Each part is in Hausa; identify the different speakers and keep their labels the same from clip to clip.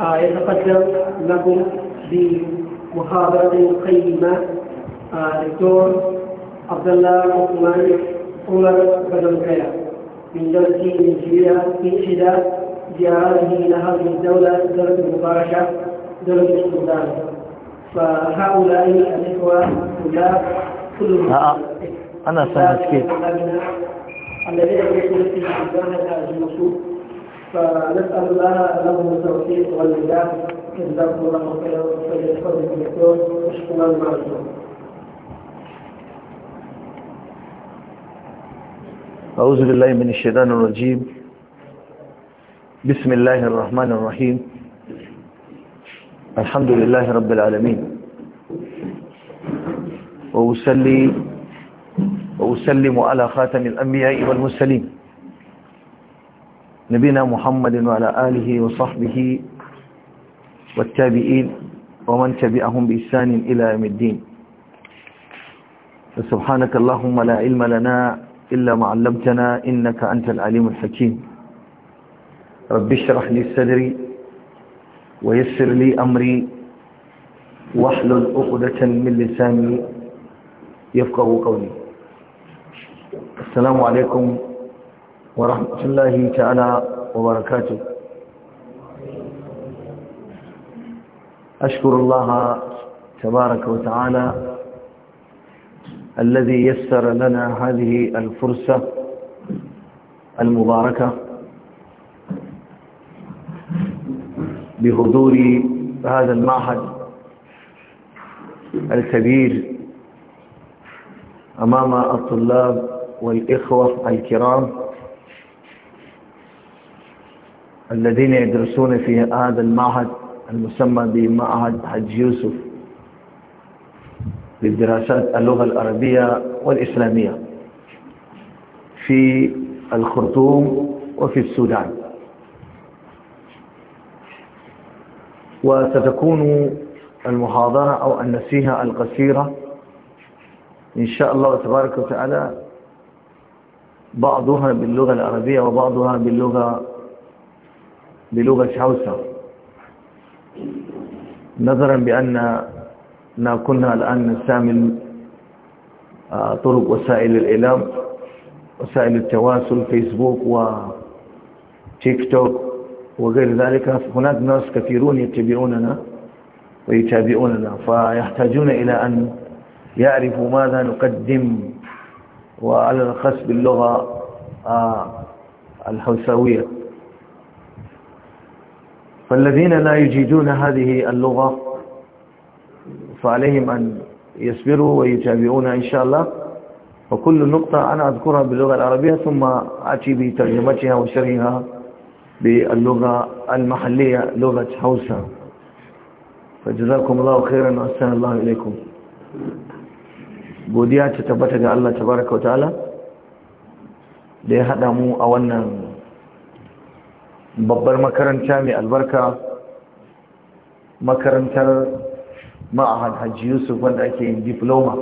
Speaker 1: آه، يتقدم لكم بمحاضرة قيمة آه، دكتور عبد الله عثمان عمر بدر بدركيا من دولة نيجيريا في إحدى زياراته إلى هذه الدولة دولة المباركة دولة السودان فهؤلاء الإخوة هؤلاء كلهم
Speaker 2: آه، أنا سامحك
Speaker 1: الذين يدرسون في الجامعة المسؤول فنسأل الله له التوفيق والنجاح جزاكم الله خيرا وخير فضلك الدكتور وشكرا معكم
Speaker 2: أعوذ بالله من الشيطان الرجيم بسم الله الرحمن الرحيم الحمد لله رب العالمين وأسلي وأسلم على خاتم الأنبياء والمرسلين نبينا محمد وعلى آله وصحبه والتابعين ومن تبعهم بإحسان إلى يوم الدين سبحانك اللهم لا علم لنا إلا ما علمتنا إنك أنت العليم الحكيم رب اشرح لي صدري ويسر لي أمري واحلل عقدة من لساني يفقه قولي السلام عليكم ورحمة الله تعالى وبركاته أشكر الله تبارك وتعالى الذي يسر لنا هذه الفرصة المباركة بحضور هذا المعهد الكبير أمام الطلاب والإخوة الكرام الذين يدرسون في هذا المعهد المسمى بمعهد حج يوسف للدراسات اللغة العربية والإسلامية في الخرطوم وفي السودان وستكون المحاضرة أو النسيحة القصيرة إن شاء الله تبارك وتعالى بعضها باللغة العربية وبعضها باللغة بلغة حوسة نظرا بأننا كنا الآن نستعمل آه، طرق وسائل الإعلام وسائل التواصل فيسبوك وتيك توك وغير ذلك هناك ناس كثيرون يتبعوننا ويتابعوننا فيحتاجون إلى أن يعرفوا ماذا نقدم وعلى الخص باللغة آه، الحوسوية فالذين لا يجيدون هذه اللغة فعليهم أن يصبروا ويتابعون إن شاء الله وكل نقطة أنا أذكرها باللغة العربية ثم أتي بترجمتها وشرحها باللغة المحلية لغة حوسة فجزاكم الله خيرا وأحسن الله إليكم بوديات ta الله تبارك وتعالى لهذا مو أولنا babbar makaranta mai albarka makarantar ma'ahad hajji yusuf wanda ake yin diploma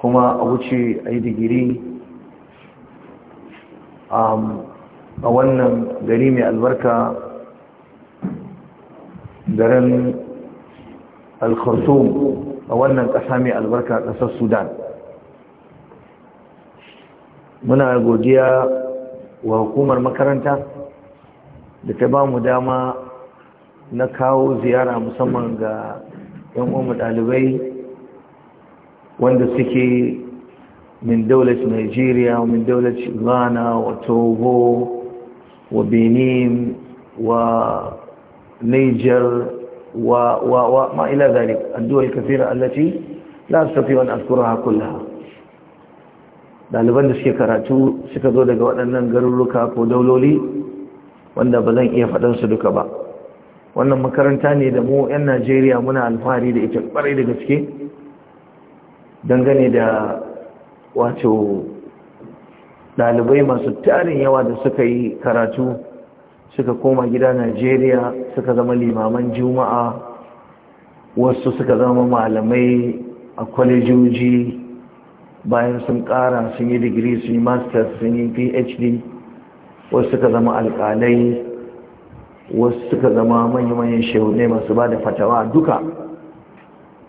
Speaker 2: kuma a wuce a yi digiri um, a wannan gari mai albarka garin alkhartum a wannan ƙasa mai albarka ƙasar sudan muna godiya wa hukumar makaranta da ta ba mu dama na kawo ziyara musamman ga 'yan uwanmu dalibai wanda suke min daular nigeria min daular ghana wa togo wa benin wa niger wa ma'ila zalik addu'ar kafira allaci la su tafi wani askurarha kullaha ɗaliban da suke karatu suka zo daga waɗannan garuruka ko dauloli wanda ba zan iya faɗansu duka ba wannan makaranta ne da mu 'yan najeriya muna alfahari da ita ƙwarai da gaske dangane da wato ɗalibai masu tarin yawa da suka yi karatu suka koma gida najeriya suka zama limaman juma'a wasu suka zama malamai a kwalejoji bayan sun ƙara sun yi digiri sun yi masters sun yi phd wasu suka zama alƙalai wasu suka zama manya-manyan shehunai masu ba da fatawa duka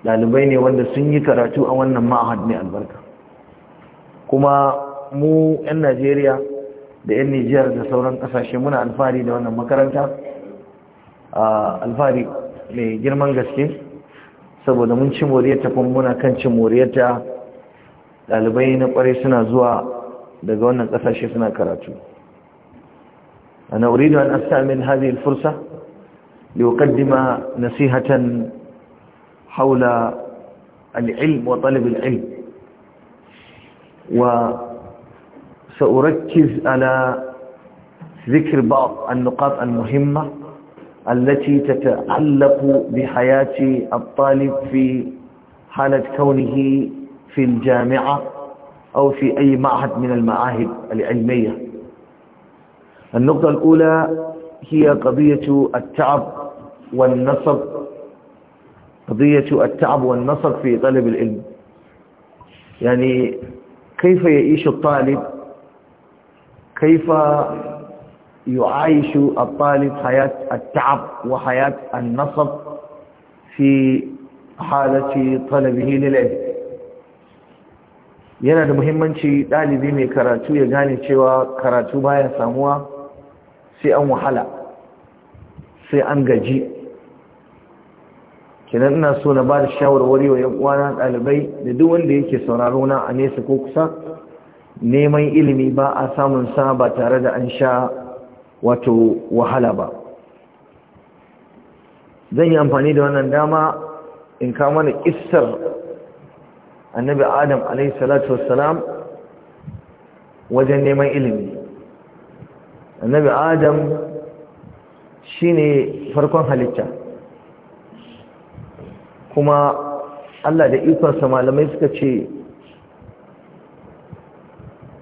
Speaker 2: ɗalibai ne wanda sun yi karatu a wannan ma'ahad mai albarka kuma mu 'yan najeriya da 'yan nijiyar da sauran kasashe muna alfahari da wannan makaranta alfahari mai girman gaske saboda mun ci moriyar kuma muna kan ci ta ɗalibai na ƙwarai suna zuwa daga wannan ƙasashe suna karatu أنا أريد أن أستعمل هذه الفرصة لأقدم نصيحة حول العلم وطلب العلم وسأركز على ذكر بعض النقاط المهمة التي تتعلق بحياة الطالب في حالة كونه في الجامعة أو في أي معهد من المعاهد العلمية النقطة الأولى هي قضية التعب والنصب قضية التعب والنصب في طلب العلم يعني كيف يعيش الطالب كيف يعايش الطالب حياة التعب وحياة النصب في حالة طلبه للعلم yana da muhimmanci ɗalibi mai karatu ya gane cewa karatu baya samuwa sai an wahala sai an gaji kenan ina so na ba da shawarwari wa yan uwana ɗalibai da duk wanda yake sauraro na a nesa ko kusa neman ilimi ba a samun sa ba tare da an sha wato wahala ba zan yi amfani da wannan dama in kama da kissar annabi adam alaihi salatu wassalam wajen neman ilimi annabi adam shine farkon halitta kuma Allah da ikonsa malamai suka ce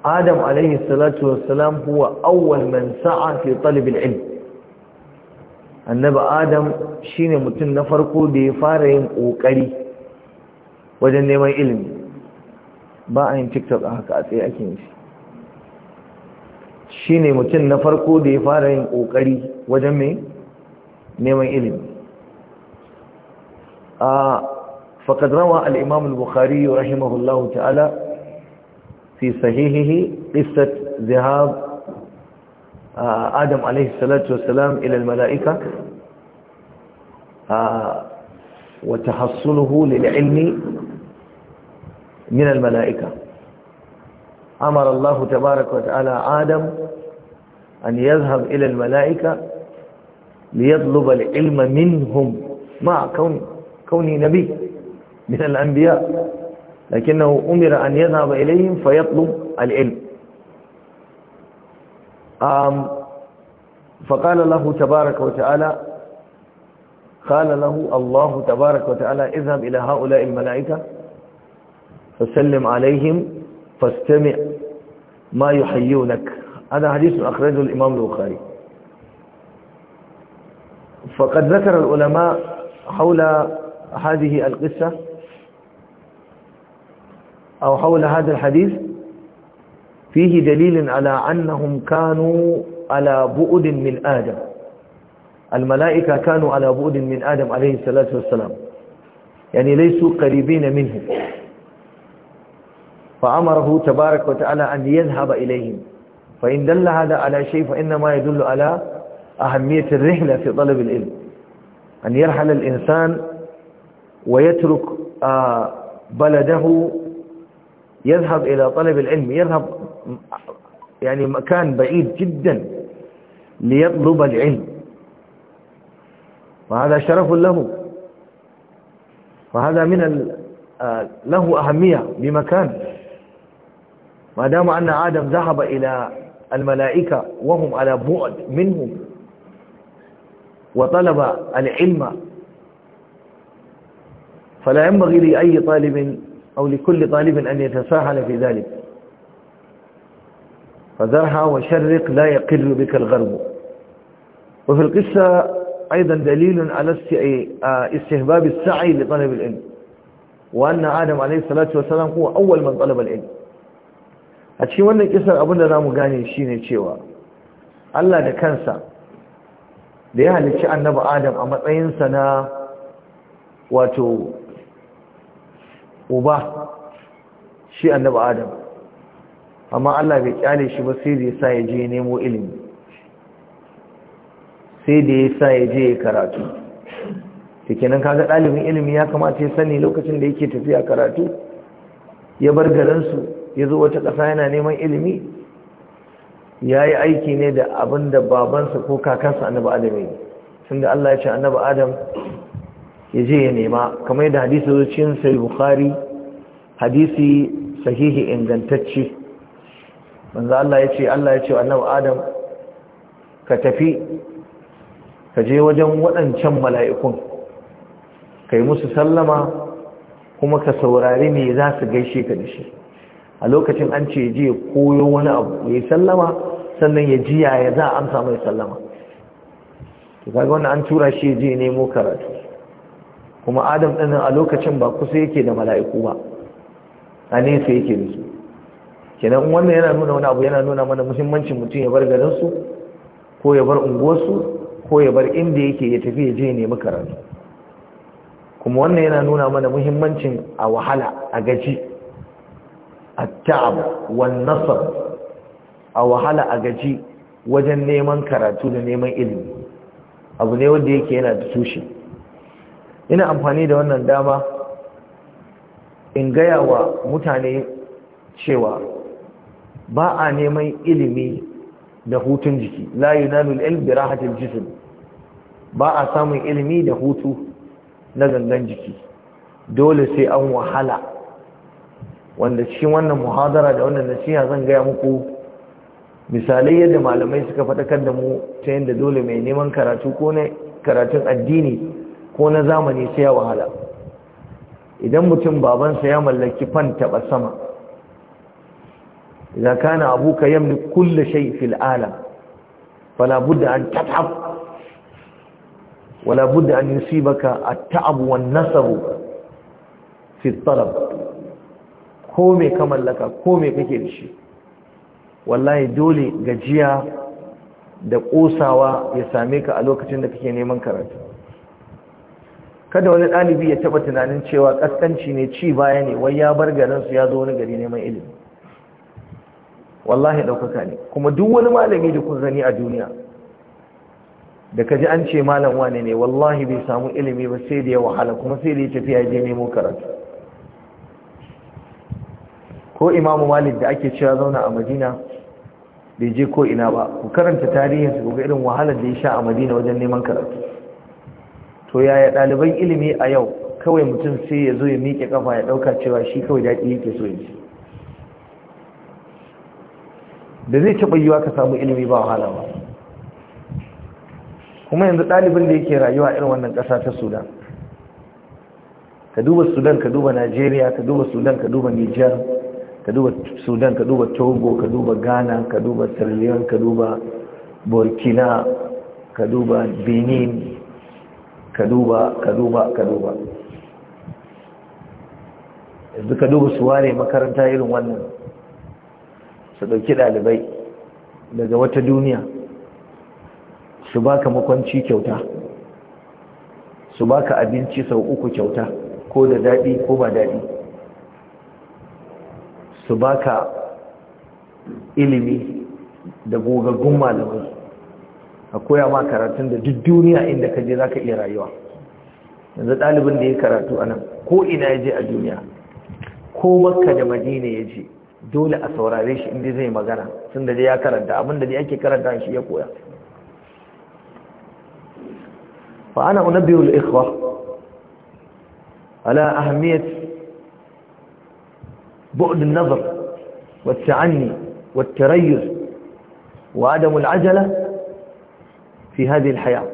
Speaker 2: adam alaihi salatu wassalam huwa awwal man sa'a fi talab al-ilm annabi adam shine mutum na farko da ya fara yin kokari wajen neman ilimi ba a yin tiktok a haka a tsaye ake yin shi ne mutum na farko da ya fara yin ƙoƙari wajen mai neman ilimi a faƙad rawa al'imam yau bukhari rahimahullahu ta'ala fi sahihihi isat zihab adam alaihi salatu wasalam ilal mala'ika wata hassunuhu ilmi من الملائكة أمر الله تبارك وتعالى آدم أن يذهب إلى الملائكة ليطلب العلم منهم مع كون كوني نبي من الأنبياء لكنه أمر أن يذهب إليهم فيطلب العلم فقال له تبارك وتعالى قال له الله تبارك وتعالى اذهب إلى هؤلاء الملائكة فسلم عليهم فاستمع ما يحيونك هذا حديث أخرجه الإمام البخاري فقد ذكر العلماء حول هذه القصة أو حول هذا الحديث فيه دليل على أنهم كانوا على بؤد من آدم الملائكة كانوا على بؤد من آدم عليه الصلاة والسلام يعني ليسوا قريبين منه فأمره تبارك وتعالى أن يذهب إليهم فإن دل هذا على شيء فإنما يدل على أهمية الرحلة في طلب العلم أن يرحل الإنسان ويترك آه، بلده يذهب إلى طلب العلم يذهب يعني مكان بعيد جدا ليطلب العلم وهذا شرف له وهذا من آه، له أهمية بمكان ما دام أن آدم ذهب إلى الملائكة وهم على بعد منهم وطلب العلم فلا ينبغي لأي طالب أو لكل طالب أن يتساهل في ذلك فذرها وشرق لا يقر بك الغرب وفي القصة أيضا دليل على إيه، آه، استهباب السعي لطلب العلم وأن آدم عليه الصلاة والسلام هو أول من طلب العلم a cikin wannan kisar da za mu gane shi ne cewa Allah da kansa da ya halicci annaba adam a matsayinsa na wato uba shi annaba adam amma Allah bai kyale shi ba sai da ya sa ya je nemo ilimi sai da ya sa ya je karatu da kenan kaga ɗalibin ilimi ya kamata ya sani lokacin da yake tafiya karatu ya bar garinsu ya zo wata ƙasa yana neman ilimi ya yi aiki ne da abin da babansa ko kakansa annaba adam yi tunda Allah ya ce annaba adam ya je ya nema kamar yadda hadisi zo sai bukhari hadisi sahihi ingantacce manzo Allah ya ce Allah ya ce annaba adam ka tafi ka je wajen waɗancan mala'ikun ka yi musu sallama kuma ka saurari ne za su gaishe ka da shi a lokacin an ce je koyo wani abu ya sallama sannan ya ji ya za a amsa mai sallama ta kaga wanda an tura shi je nemo karatu kuma adam ɗin a lokacin ba kusa yake da mala'iku ba a nesa yake da su kenan wannan yana nuna wani abu yana nuna mana muhimmancin mutum ya bar garin su ko ya bar unguwarsu ko ya bar inda yake ya tafi ya je nemi karatu kuma wannan yana nuna mana muhimmancin a wahala a gaji التعب taab او nasab a wahala a gaji wajen neman karatu da neman ilimi abu ne wanda yake yana da tushe ina amfani da wannan dama in gaya wa mutane cewa ba a neman ilimi da hutun jiki la yunalul ilm bi rahatil jism ba a samun ilimi da hutu na gangan jiki dole sai an wahala wanda shi wannan muhadara da wannan nasiha zan gaya muku misalai yadda malamai suka faɗakar da mu ta yadda dole mai neman karatu ko ne karatun addini ko na zamani sai ya wahala idan mutum babansa ya mallaki fan taɓa sama idan kana abuka yamli kullu shay fil alam fala budda an tatab wala budda an yusibaka at-ta'ab wan nasab fi at-talab ko mai ka mallaka ko mai kake da shi wallahi dole gajiya da kosawa ya same ka a lokacin da kake neman karatu kada wani ɗalibi ya taɓa tunanin cewa ƙasƙanci ne ci baya ne wai ya bar garinsu ya zo wani gari neman ilimi wallahi ɗaukaka ne kuma duk wani malami da kun a duniya da ka ji an ce malam wane ne wallahi bai samu ilimi ba sai da ya wahala kuma sai da ya tafiya je nemo karatu ko imamu malik da ake cewa zauna a madina bai je ko ina ba ku karanta tarihinsu ku ga irin wahalar da ya sha a madina wajen neman karatu to yaya ɗaliban ilimi a yau kawai mutum sai ya zo ya miƙe kafa ya ɗauka cewa shi kawai daɗi yake so yi da zai taɓa yiwa ka samu ilimi ba wahala ba kuma yanzu ɗalibin da yake rayuwa irin wannan ƙasa ta sudan ka duba sudan ka duba najeriya ka duba sudan ka duba nijar ka duba sudan ka duba togo ka duba ghana ka duba sierra ka duba burkina ka duba benin ka duba ka duba ka duba yanzu ka duba su ware makaranta irin wannan su ɗauki ɗalibai daga wata duniya su baka makwanci kyauta su baka abinci sau uku kyauta ko da daɗi ko ba daɗi su baka ilimi da gogaggun malamai a koya ma karatun da duk duniya inda ka je za ka iya rayuwa yanzu ɗalibin da ya karatu a nan ko ina ya je a duniya ko makka da madina ya je dole a saurare shi inda zai magana sun da ya karanta abinda da ake karanta shi ya koya fa ana unabbiul ikhwa ala ahmiyati بعد النظر والتعني والتريث وعدم العجلة في هذه الحياة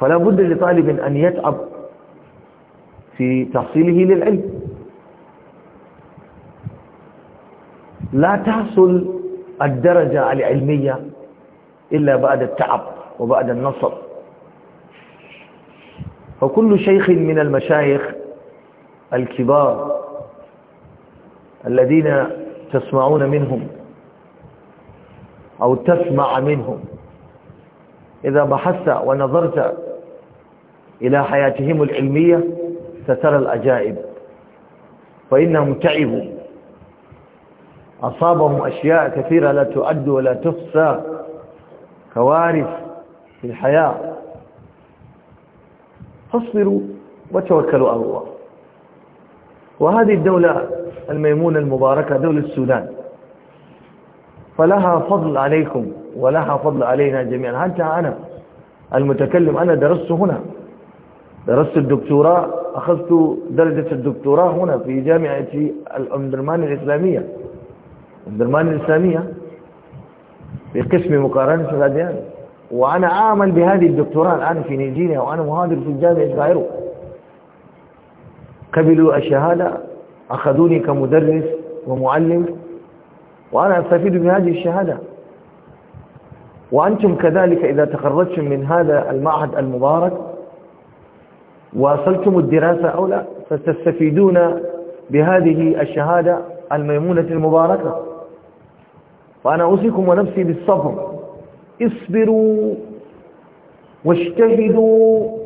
Speaker 2: فلا بد لطالب أن يتعب في تحصيله للعلم لا تحصل الدرجة العلمية إلا بعد التعب وبعد النصر فكل شيخ من المشايخ الكبار الذين تسمعون منهم أو تسمع منهم إذا بحثت ونظرت إلى حياتهم العلمية سترى الأجائب فإنهم تعبوا أصابهم أشياء كثيرة لا تؤد ولا تحصى كوارث في الحياة فاصبروا وتوكلوا على الله وهذه الدولة الميمونة المباركة دولة السودان فلها فضل عليكم ولها فضل علينا جميعا حتى أنا المتكلم أنا درست هنا درست الدكتوراه أخذت درجة الدكتوراه هنا في جامعة الأمدرمان الإسلامية الأمدرمان الإسلامية في قسم مقارنة الأديان وأنا أعمل بهذه الدكتوراه الآن في نيجيريا وأنا مهاجر في الجامعة القاهرة قبلوا الشهادة أخذوني كمدرس ومعلم وأنا أستفيد بهذه الشهادة وأنتم كذلك إذا تخرجتم من هذا المعهد المبارك واصلتم الدراسة أو لا فستستفيدون بهذه الشهادة الميمونة المباركة فأنا أوصيكم ونفسي بالصبر اصبروا واجتهدوا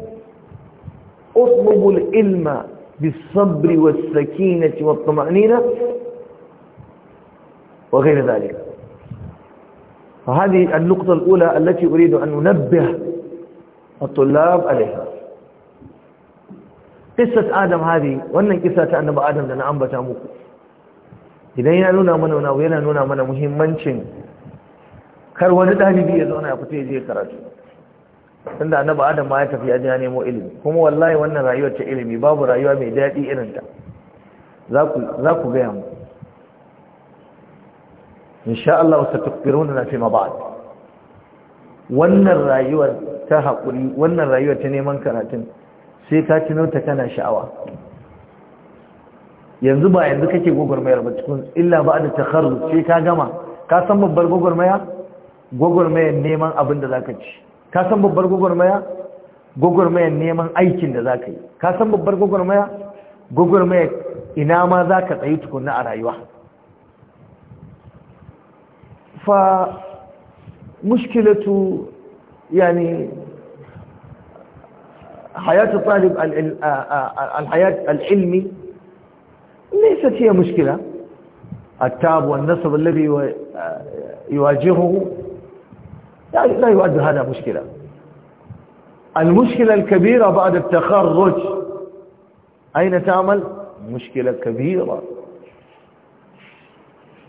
Speaker 2: اطلبوا العلم بالصبر والسكينة والطمأنينة وغير ذلك فهذه النقطة الأولى التي أريد أن أنبه الطلاب عليها قصة آدم هذه وأن قصة أنب آدم لنا أنبت أموكو idan ya من ونا wani من yana nuna mana muhimmancin وانا wani ɗalibi كراتي tunda annabi adam ma ya tafi ya ya nemo ilimi kuma wallahi wannan rayuwar ta ilimi babu rayuwa mai daɗi irin ta za ku gaya mu insha Allah na fi ma ba'd wannan rayuwar ta hakuri wannan rayuwar ta neman karatun sai ka tuno ta kana sha'awa yanzu ba yanzu kake gogormayar ba cikin illa ba da takharruz sai ka gama ka san babbar gogormaya gogormayar neman abin da zaka ci ka san babbar gwagwarmaya gwagwarmayar neman aikin da za ka yi ka san babbar gwagwarmaya gwagwarmayar ina ma za ka tsayi tukunna a rayuwa fa mushkilatu yani حياة الطالب الحياة العلمي ليست هي مشكلة التعب والنصب الذي يواجهه لا لا يؤدي هذا مشكلة المشكلة الكبيرة بعد التخرج أين تعمل مشكلة كبيرة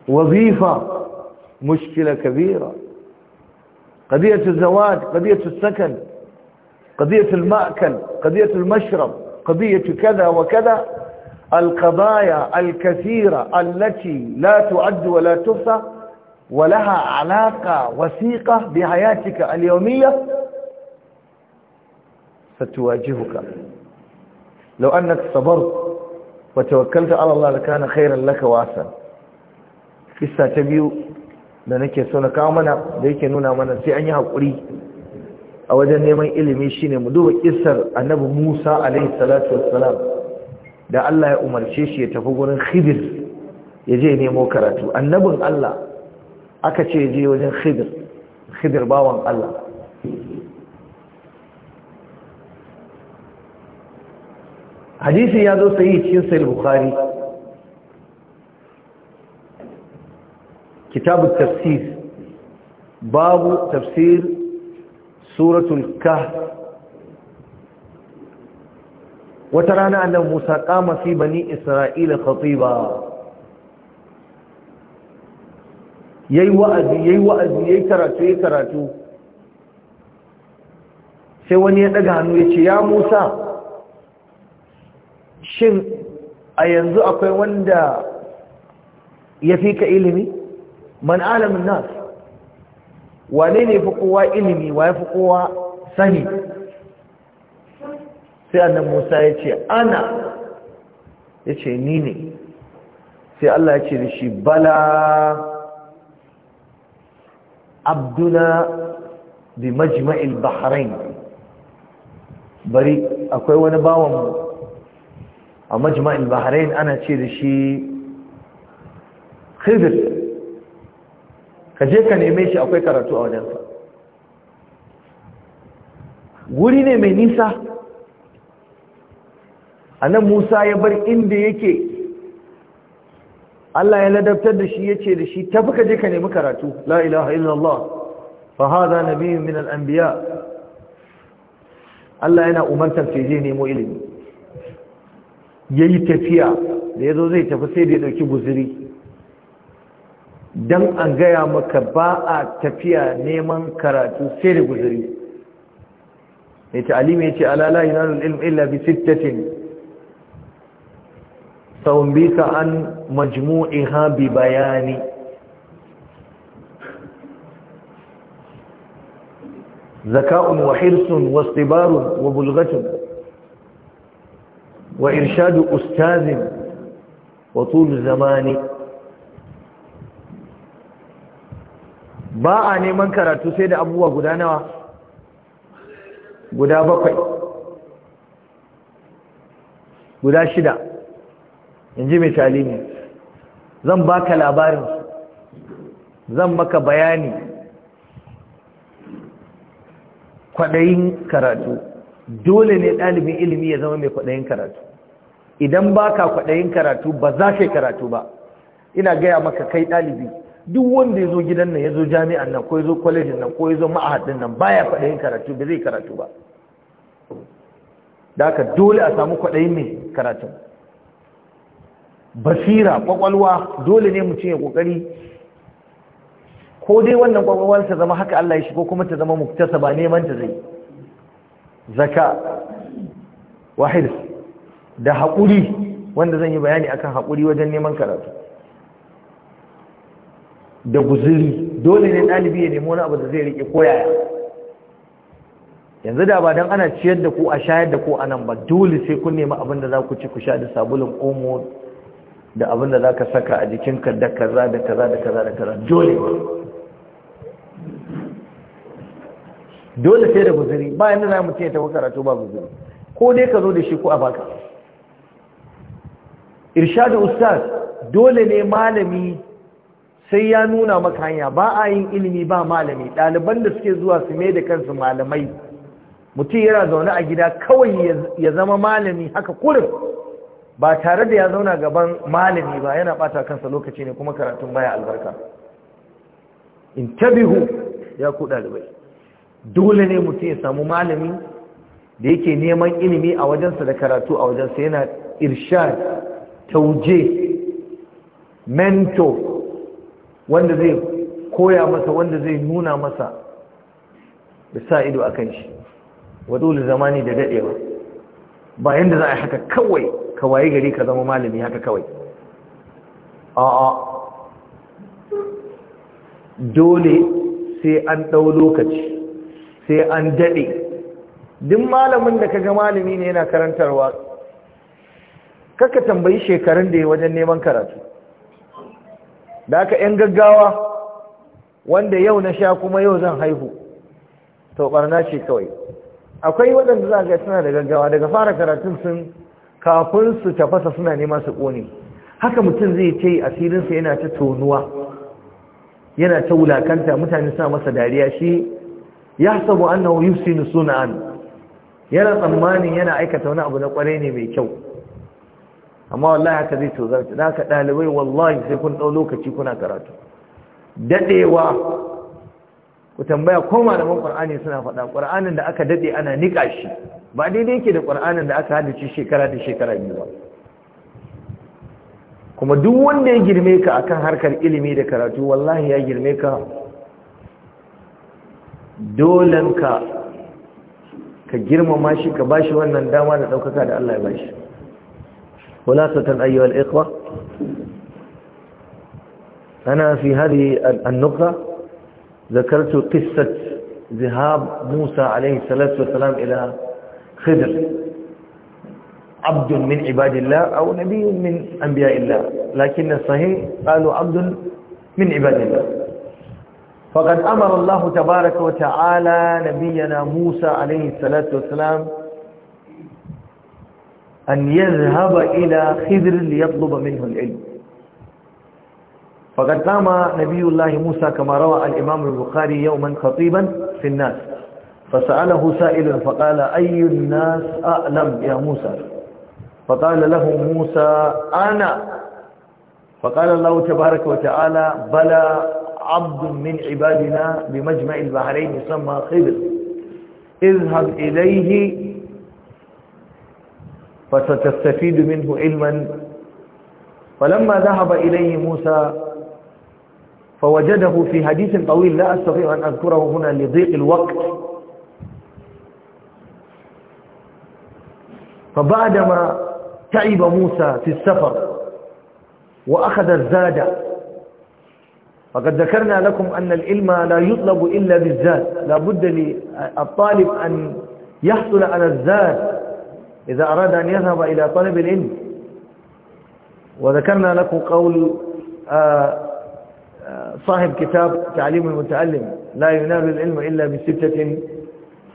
Speaker 2: وظيفة مشكلة كبيرة قضية الزواج قضية السكن قضية المأكل قضية المشرب قضية كذا وكذا القضايا الكثيرة التي لا تعد ولا تحصى ولها علاقة وثيقة بحياتك اليومية ستواجهك لو أنك صبرت وتوكلت على الله لكان خيرا لك وأسأل قصة تبيو da nake so na kawo mana da yake nuna mana sai an yi haƙuri a wajen neman ilimi shine mu duba kissar annabi Musa alaihi salatu wassalam da Allah ya umarce shi ya tafi gurin Khidir ya je nemo karatu annabin Allah aka ce je wajen khidir khidir bawan Allah hadisi ya zo sai cikin sahih bukhari kitab tafsir babu tafsir suratul kahf wata rana annabi Musa kama fi bani Isra'ila khatiba yayi wa'azi yayi wa'azi yayi karatu yayi karatu sai wani ya daga hannu ya ce ya Musa shin a yanzu akwai wanda ya fi ka ilimi man alamin nas wane ne fi kowa ilimi wa ya fi kowa sani sai annan musa ya ce ana ya ce ni ne sai allah ya ce da shi bala abduna bi majma'il bahrain bari akwai wani bawan a majma'il bahrain ana ce da shi khizir ka ka neme shi akwai karatu a wajensa guri ne mai nisa a nan musa ya bar inda yake Allah ya ladabtar da shi yace da shi tafi ka je ka nemi karatu la ilaha illallah fa hadha nabiyyun min al-anbiya Allah yana umartar sai je nemo ilimi yayi tafiya da yazo zai tafi sai da ya dauki guzuri dan an gaya maka ba a tafiya neman karatu sai da guzuri ne ya yace ala la ilaha illallah bi sittatin taumbita an majmu'iha bi bayani zaka'un wa hirsun wa istibarun wa bulghatun wa irshad ustazin wa tul zamani ba'a neman karatu sai da abuwa guda nawa guda bakwai guda shida in ji mai talimi zan baka labarin zan maka bayani kwaɗayin karatu dole ne ɗalibin ilimi ya zama mai kwaɗayin karatu idan baka kwaɗayin karatu ba za ka yi karatu ba ina gaya maka kai ɗalibi duk wanda ya zo gidan nan ya zo jami'an nan ko ya zo kwalejin nan ko ya zo ma'ahadin nan ba ya kwaɗayin karatu ba zai karatu ba da aka dole a samu kwaɗayin mai karatun
Speaker 3: basira
Speaker 2: kwakwalwa dole ne mu ya kokari ko dai wannan kwakwalwa ta zama haka Allah ya shi ko kuma ta zama muktasa ba neman ta zai zaka wahid da haƙuri wanda zan yi bayani akan haƙuri wajen neman karatu da guzuri dole ne ɗalibi ya nemi wani abu da zai riƙe koyaya yanzu da ba don ana ciyar da ku a shayar da ku a nan ba dole sai kun nemi abin da za ku ci ku sha da sabulun omo da abin da za ka saka a jikinka da kaza da kaza da kaza da kaza dole ba dole sai da guzuri bayan da za mu ce ta karatu ba guzuri ko dai ka zo da shi ko a baka irshadu ustaz dole ne malami sai ya nuna maka hanya ba a yin ilimi ba malami ɗaliban da suke zuwa su mai da kansu malamai mutum yana zaune a gida kawai ya zama malami haka kurin ba tare da ya zauna gaban malami ba yana bata kansa lokaci ne kuma karatun baya albarka In tabihu ya ku dalibai dole ne mutum ya samu malami da yake neman ilimi a wajensa da karatu a wajensa yana irshad tauje mentor wanda zai koya masa wanda zai nuna masa da sa ido a kan shi wa zamani da dadewa ba da za a yi haka kawai ka waye gari ka zama malami haka kawai a'a dole sai an dau lokaci sai an daɗe duk malamin da kaga malami ne yana karantarwa kaka tambayi shekarun da ya wajen neman karatu da aka 'yan gaggawa wanda yau na sha kuma yau zan haihu to barna ce kawai akwai waɗanda za ga suna da gaggawa daga fara karatun sun kafin su tafasa suna nema su ƙone haka mutum zai ce asirinsa yana ta tonuwa yana ta wulakanta mutane suna masa dariya shi ya sabu an annahu yusinu An. yana tsammanin yana aikata wani abu na kwarai ne mai kyau amma wallahi haka zai tozarta da haka ɗalibai wallahi sai kun ɗau lokaci kuna karatu daɗewa ku tambaya ko malaman qur'ani suna faɗa qur'anin da aka dade ana nika shi ba daidai yake da qur'anin da aka hadace shekara da shekara biyu ba kuma duk wanda ya girme ka akan harkar ilimi da karatu wallahi ya girme ka Dole ka ka girmama shi ka bashi wannan dama da daukaka da Allah ya bashi خلاصة أيها Ana fi في an النقطة ذكرت قصة ذهاب موسى عليه الصلاة والسلام إلى خضر عبد من عباد الله أو نبي من أنبياء الله لكن الصحيح قالوا عبد من عباد الله فقد أمر الله تبارك وتعالى نبينا موسى عليه الصلاة والسلام أن يذهب إلى خضر ليطلب منه العلم فقد قام نبي الله موسى كما روى الإمام البخاري يوما خطيبا في الناس فسأله سائل فقال أي الناس أعلم يا موسى فقال له موسى أنا فقال الله تبارك وتعالى بلى عبد من عبادنا بمجمع البحرين يسمى خبر اذهب إليه فستستفيد منه علما فلما ذهب إليه موسى فوجده في حديث طويل لا أستطيع أن أذكره هنا لضيق الوقت فبعدما تعب موسى في السفر وأخذ الزاد فقد ذكرنا لكم أن العلم لا يطلب إلا بالزاد لا بد للطالب أن يحصل على الزاد إذا أراد أن يذهب إلى طلب العلم وذكرنا لكم قول آه صاحب كتاب تعليم المتعلم لا ينال العلم إلا بستة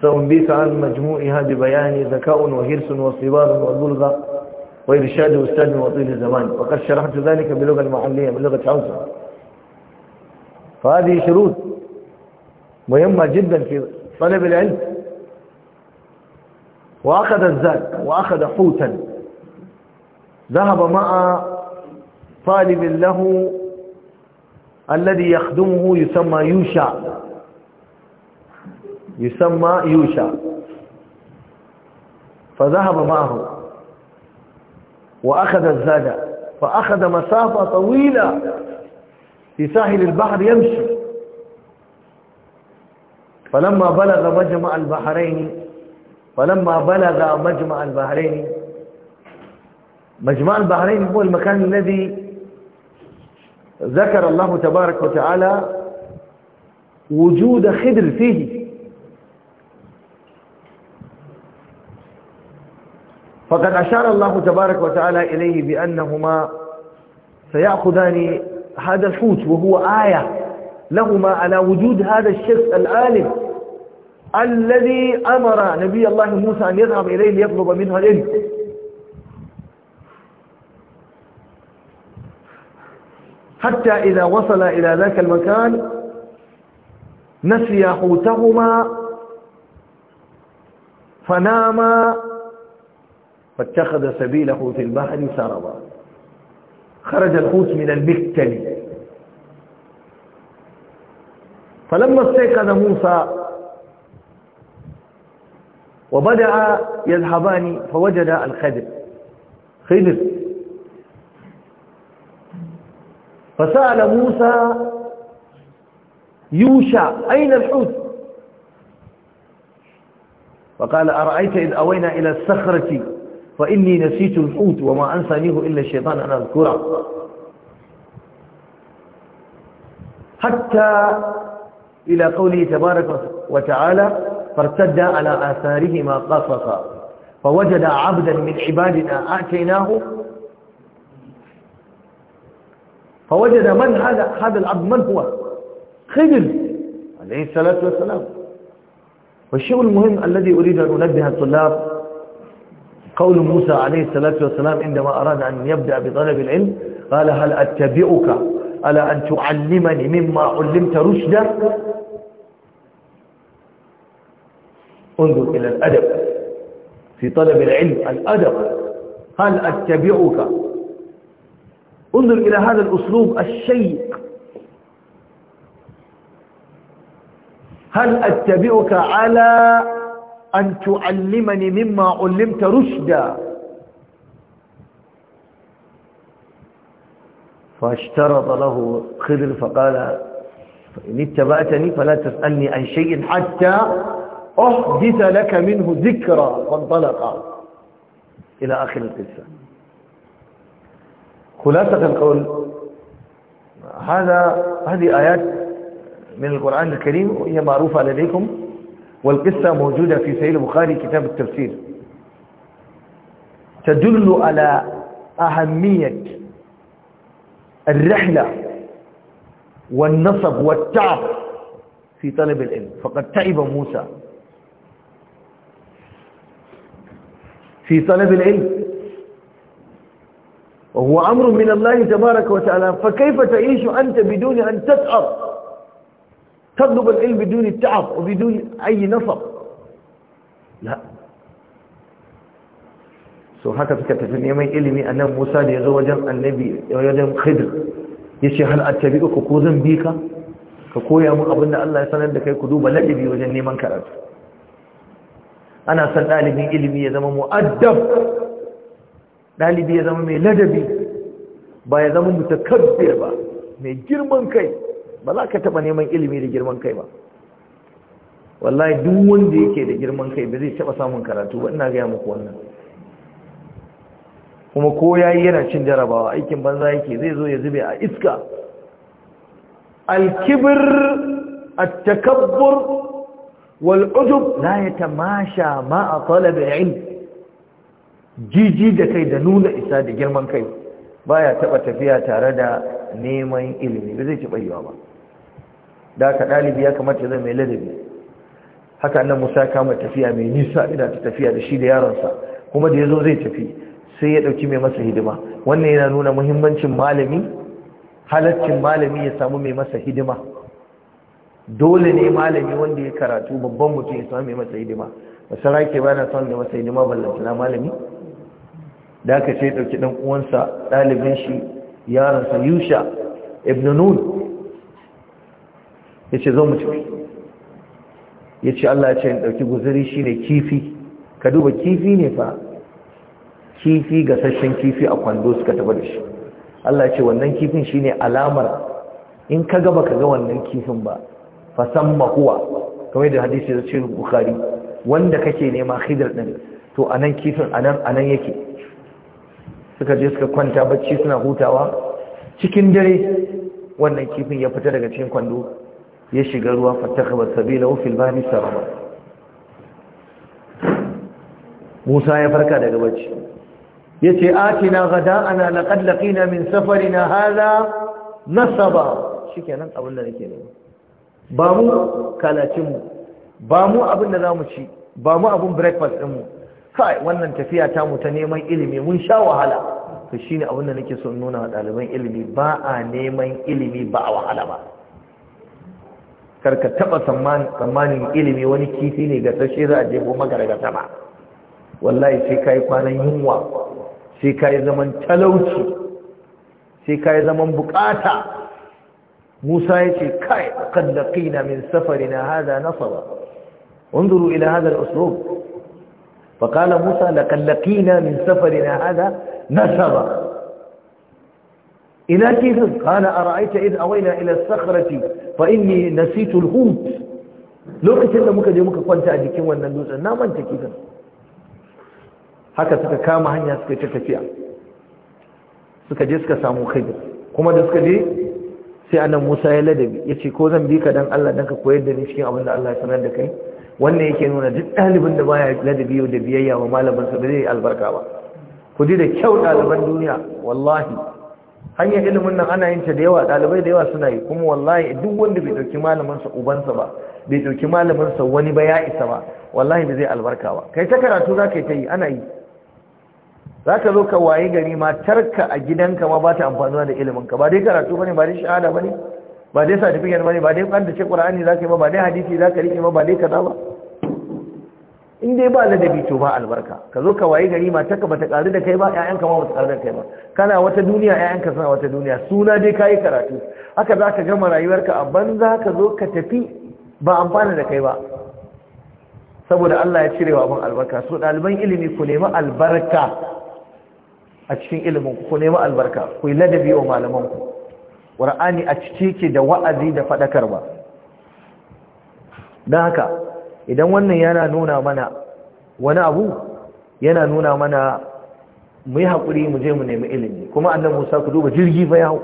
Speaker 2: سأنبيك عن مجموعها ببيان ذكاء وهرس وصبار وبلغة وإرشاد أستاذ وطيل الزمان وقد شرحت ذلك بلغة المحلية بلغة حوزة فهذه شروط مهمة جدا في طلب العلم وأخذ الزاد وأخذ حوتا ذهب مع طالب له الذي يخدمه يسمى يوشع يسمى يوشع فذهب معه وأخذ الزاد فأخذ مسافة طويلة في ساحل البحر يمشي فلما بلغ مجمع البحرين فلما بلغ مجمع البحرين مجمع البحرين هو المكان الذي ذكر الله تبارك وتعالى وجود خضر فيه فقد أشار الله تبارك وتعالى إليه بأنهما سيأخذان هذا الحوت وهو آية لهما على وجود هذا الشخص العالم الذي أمر نبي الله موسى أن يذهب إليه ليطلب منه العلم حتى إذا وصل إلى ذاك المكان نسي حوتهما فناما فاتخذ سبيله في البحر سربا خرج الحوت من المكتل فلما استيقظ موسى وبدأ يذهبان فوجد الخدر خدر فسأل موسى يوشع أين الحوت فقال أرأيت إذ أوينا إلى الصخرة فإني نسيت الحوت وما أنسانيه إلا الشيطان أن أذكره حتى إلى قوله تبارك وتعالى فارتد على آثارهما قصصا فوجد عبدا من عبادنا آتيناه فوجد من هذا هذا العبد من هو خضر عليه الصلاة والسلام والشيء المهم الذي أريد أن أنبه الطلاب قول موسى عليه الصلاة والسلام عندما أراد أن يبدأ بطلب العلم قال هل أتبعك على أن تعلمني مما علمت رشدا انظر إلى الأدب في طلب العلم الأدب هل أتبعك انظر إلى هذا الأسلوب الشيق هل أتبعك على أن تعلمني مما علمت رشدا فاشترط له خضر فقال فإن اتبعتني فلا تسألني عن شيء حتى أحدث لك منه ذكرى فانطلق إلى آخر القصة خلاصة القول هذا هذه آيات من القرآن الكريم وهي معروفة لديكم والقصة موجودة في سيد البخاري كتاب التفسير تدل على أهمية الرحلة والنصب والتعب في طلب العلم فقد تعب موسى في طلب العلم وهو أمر من الله تبارك وتعالى فكيف تعيش أنت بدون أن تتعب تطلب العلم بدون التعب وبدون أي نفق لا سو هكا تكتفين يمين إلمي أن موسى يغوى النبي ويجم خدر يشي هل أتبئك كوزن بيك فكو يا أبنى الله يسأل عندك يكدوب لجبي وجني من كرات أنا سأل ألمي إلمي يزم مؤدب ɗalibi ya zama mai ladabi ba ya zama mutakabbir ba mai girman kai ba za ka taɓa neman ilimi da girman kai ba wallahi duk wanda yake da girman kai ba zai taɓa samun karatu ba ina gaya muku wannan kuma ko ya yi yana cin jarabawa aikin banza yake zai zo ya zube a iska alkibir التكبر والعجب لا يتماشى مع talabi ilmi jiji da kai da nuna isa da girman kai ba ya taba tafiya tare da neman ilimi ba zai ci ɓayewa ba da aka dalibi ya kamata zai mai ladabi haka annan Musa kama tafiya mai nisa ina ta tafiya da shi da yaronsa kuma da ya zo zai tafi sai ya dauki mai masa hidima wannan yana nuna muhimmancin malami halaccin malami ya samu mai masa hidima dole ne malami wanda ya karatu babban mutum ya samu mai masa hidima masarake ba na son da masa hidima ballantana malami da aka ce ɗauki ɗan uwansa ɗalibin shi yaransa yusha ibn nun ya ce zo mu ciki ya ce allah ya ce ɗauki guzuri shi ne kifi ka duba kifi ne fa kifi gasashen kifi a kwando suka taba da shi allah ya ce wannan kifin shi ne alamar in ka gaba ka ga wannan kifin ba fasan mahuwa kamar da hadisi ya ce bukari wanda kake nema hidar ɗin to anan kifin anan anan yake suka je suka kwanta bacci suna hutawa cikin dare wannan kifin ya fita daga cikin kwando ya shiga ruwa fattakhaba sabila fil bahri saraba Musa ya farka daga bacci yace gada ana laqad na min na hadha nasaba nan abin da nake ne ba mu kalacinmu ba mu abin da mu ci ba mu abin breakfast din mu kai wannan tafiya ta mu ta neman ilimi mun sha wahala to shine abin da nake son nuna wa ɗaliban ilimi ba a neman ilimi ba a wahala ba Kar ka taɓa tsammanin ilimi wani kifi ne ga sashe za a je maka daga sama wallahi sai kai kwanan yunwa sai kai zaman talauci sai kai zaman bukata Musa ya ce kai qad laqina min safarina hadha nasaba ila hada al الاسلوب فقال موسى لقد لقينا من سفرنا هذا نسبا إلى كيف قال أرأيت إذ أوينا إلى الصخرة فإني نسيت الهوت lokacin da muka je muka kwanta a jikin wannan dutsen na manta kifin haka suka kama hanya suka ta tafiya suka je suka samu khidir kuma da suka je sai annan Musa ya ladabi yace ko zan bi ka dan Allah dan ka koyar da ni cikin abin da Allah ya sanar da kai wannan yake nuna duk ɗalibin da baya ladabi da biyayya wa malamin sa ba albarka ba ku ji da kyau ɗaliban duniya wallahi hanyar ilimin nan ana yin ta da yawa ɗalibai da yawa suna yi kuma wallahi duk wanda bai ɗauki malaminsa ubansa ba bai ɗauki malaminsa wani ba ya isa ba wallahi ba zai albarka ba kai ta karatu za ka yi ta yi ana yi za ka zo ka wayi gari ma tarka a gidanka ma ba ta amfanuwa da iliminka ba dai karatu ba ne ba dai shahada ba ne ba dai sa tafiya ba ne ba dai ce qur'ani zaka yi ba ba dai hadisi zaka rike ba ba dai kaza ba in dai ba ladabi to ba albarka ka zo ka waye gari matarka bata karu da kai ba ƴaƴanka ma bata karu da kai ba kana wata duniya ƴaƴanka suna wata duniya suna dai kai karatu haka zaka gama rayuwarka a banza ka zo ka tafi ba amfana da kai ba saboda Allah ya cire wa abin albarka so daliban ilimi ku nemi albarka a cikin ilimin ku nemi albarka ku yi ladabi wa malamanku ƙur'ani a cike ke da wa'azi da ba. don haka idan wannan yana nuna mana wani abu yana nuna mana mu yi haƙuri mu je mu nemi ilimi kuma annan musa ku duba jirgi fa yawo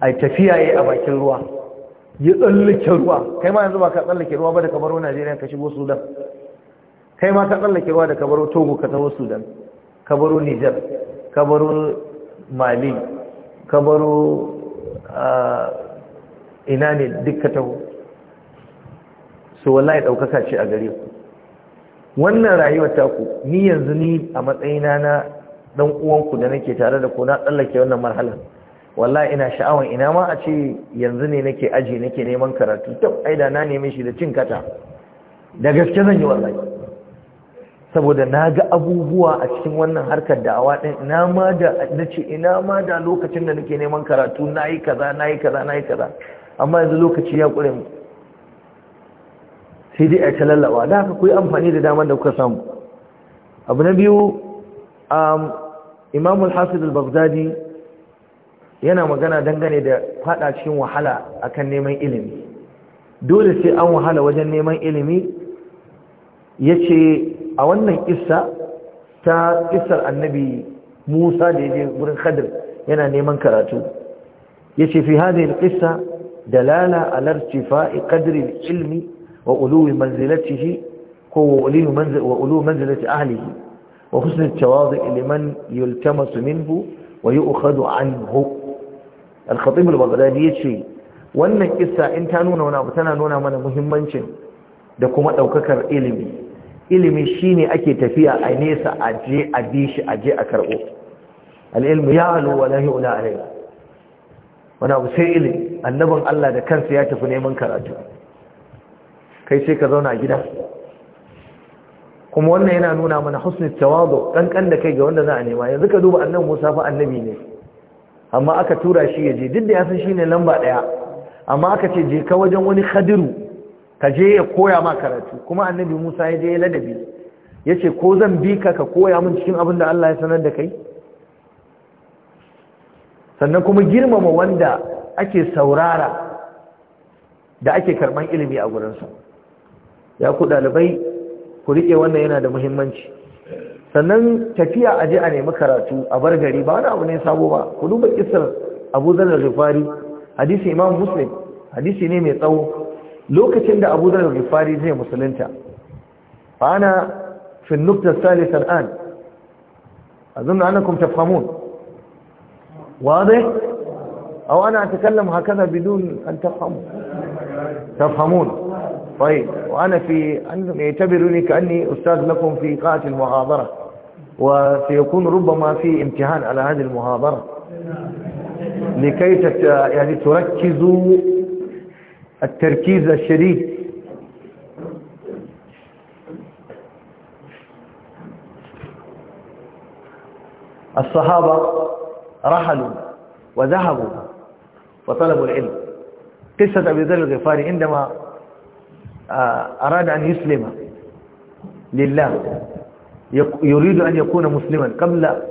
Speaker 2: a tafiya ya a bakin ruwa ya tsallake ruwa kai ma yanzu ba ka tsallake ruwa ba da kabaro najeriya ka shigo sudan kai ma ka tsallake ruwa da kamar togo ka taho sudan kamar niger kamar mali kamar Ah, ina ne dukka taho so wallahi daukaka ce a gare ku wannan rayuwar ta ku? ni yanzu ni a matsayina na dan uwanku da nake tare da ku na tsallake wannan marhala wallahi ina sha'awan ina ma a ce yanzu ne nake aji nake neman karatu to aida na neme shi da cin kata da gaske zan yi wallahi saboda na ga abubuwa a cikin wannan harkar da'awa ɗin ina ma da na ce ina ma da lokacin da nake neman karatu na yi kaza na yi kaza na yi kaza amma yanzu lokaci ya ƙure mu sai dai a ta da haka ku amfani da damar da kuka samu abu na biyu um, al hafiz al-baghdadi yana magana dangane da fada cikin wahala akan neman ilimi dole sai an wahala wajen neman ilimi yace a wannan kissa ta kissar annabi Musa da yaje wurin Khadir yana neman karatu yace fi hadhihi alqissa dalala ala irtifa'i qadri alilmi wa ulwi manzilatihi ko ulwi manzil wa ulwi manzilati ahlihi wa husn altawadi liman yultamasu minhu wa yu'khadhu anhu al-khatib yace wannan kissa in ta nuna wani abu tana nuna mana muhimmancin da kuma daukakar ilimi ilimi shine ake tafiya a nesa a je a bi shi a je a karbo al-ilmu ya'lu wa la wani abu sai ilimi annabin Allah da kansu ya tafi neman karatu kai sai ka zauna a gida kuma wannan yana nuna mana husnul tawadu kankan da kai ga wanda za a nema yanzu ka duba Annan Musa fa annabi ne amma aka tura shi ya je duk da ya san ne lamba ɗaya. amma aka ce je ka wajen wani khadiru ka je ya koya ma karatu kuma annabi Musa ya je ladabi ya ce ko zan bi ka ka koya min cikin abin da Allah ya sanar da kai sannan kuma girmama wanda ake saurara da ake karban ilimi a gurinsa ya ku dalibai ku riƙe wannan yana da muhimmanci sannan tafiya a je a nemi karatu a bar gari ba wani abu ne sabo ba ku duba kisar abu zarar rifari hadisi imam muslim hadisi ne mai tsawo lokacin da abu zarar gifari zai musulunta ana fi nukta salisar an azun ana kuma واضح او انا اتكلم هكذا بدون ان تفهموا تفهمون طيب وانا في انهم يعتبروني كاني استاذ لكم في قاعه المحاضره وسيكون ربما في امتحان على هذه المحاضره لكي تت... يعني تركزوا التركيز الشديد الصحابة رحلوا وذهبوا وطلبوا العلم قصة أبي ذر الغفاري عندما آه، أراد أن يسلم لله يريد أن يكون مسلما قبل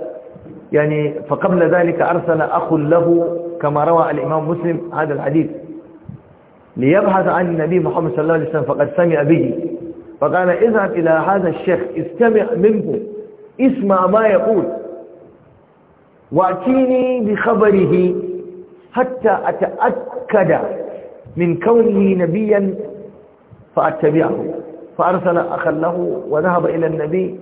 Speaker 2: يعني فقبل ذلك أرسل أخ له كما روى الإمام مسلم هذا الحديث ليبحث عن النبي محمد صلى الله عليه وسلم فقد سمع به فقال اذهب إلى هذا الشيخ استمع منه اسمع ما يقول واتيني بخبره حتى أتأكد من كونه نبيا فأتبعه فأرسل أخا له وذهب إلى النبي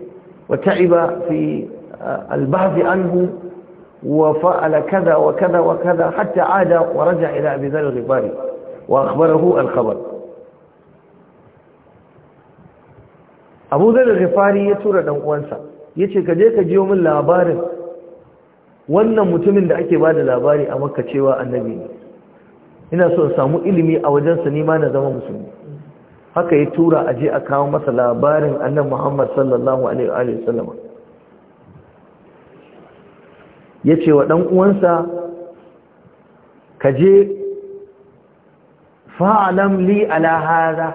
Speaker 2: وتعب في آه، البحث عنه وفعل كذا وكذا وكذا حتى عاد ورجع إلى أبي ذر الغفاري واخبره الخبر abu zai da rifari ya tura dan uwansa ya ce ka je ka min labarin wannan mutumin da ake bada labari a makka cewa annabi ne ina so samu ilimi a wajensa nima na zama musulmi haka ya tura a je a kawo masa labarin annan muhammad sallallahu alaihi ya ce wa dan uwansa ka je fa'alam li ala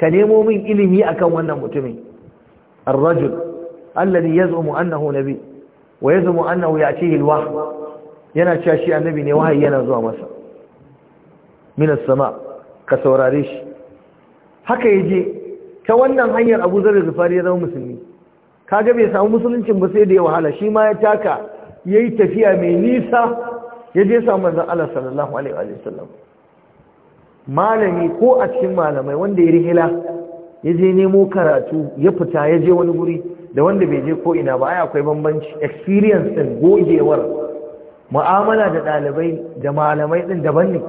Speaker 2: ka nemo min ilimi akan wannan mutumin ar-rajul alladhi yaz'umu annahu nabi wa yaz'umu annahu ya al-wahy yana cewa shi annabi ne wahayi yana zuwa masa Minas sama ka saurare shi haka yaje ta wannan hanyar Abu Zar fari ya zama musulmi kaga bai samu musuluncin ba sai da ya wahala shi ma ya taka yayi tafiya mai nisa je samu manzon Allah sallallahu alaihi wa sallam malami ko a cikin malamai wanda ya rihila ya je nemo karatu ya fita ya je wani guri da wanda bai je ko'ina, ina ba ai akwai bambanci experience din gogewar mu'amala da dalibai da malamai din daban ne